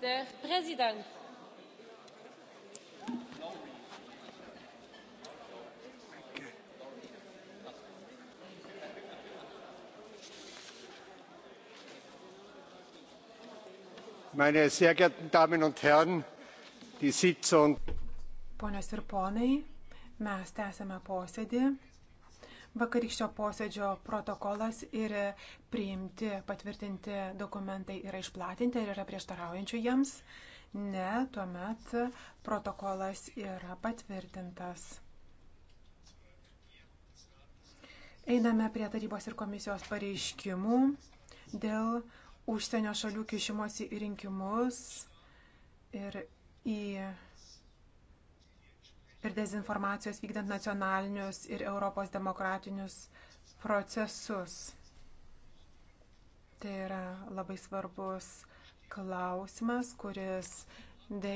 der präsident! meine sehr geehrten damen und herren! die sitzung. ponios ir ponai mes tęsiame posėdį. Vakarykščio posėdžio protokolas ir priimti, patvirtinti dokumentai yra išplatinti ir yra prieštaraujančių jiems. Ne, tuomet protokolas yra patvirtintas. Einame prie tarybos ir komisijos pareiškimų dėl užsienio šalių kišimosi į rinkimus ir į ir dezinformacijos vykdant nacionalinius ir Europos demokratinius procesus. Tai yra labai svarbus klausimas, kuris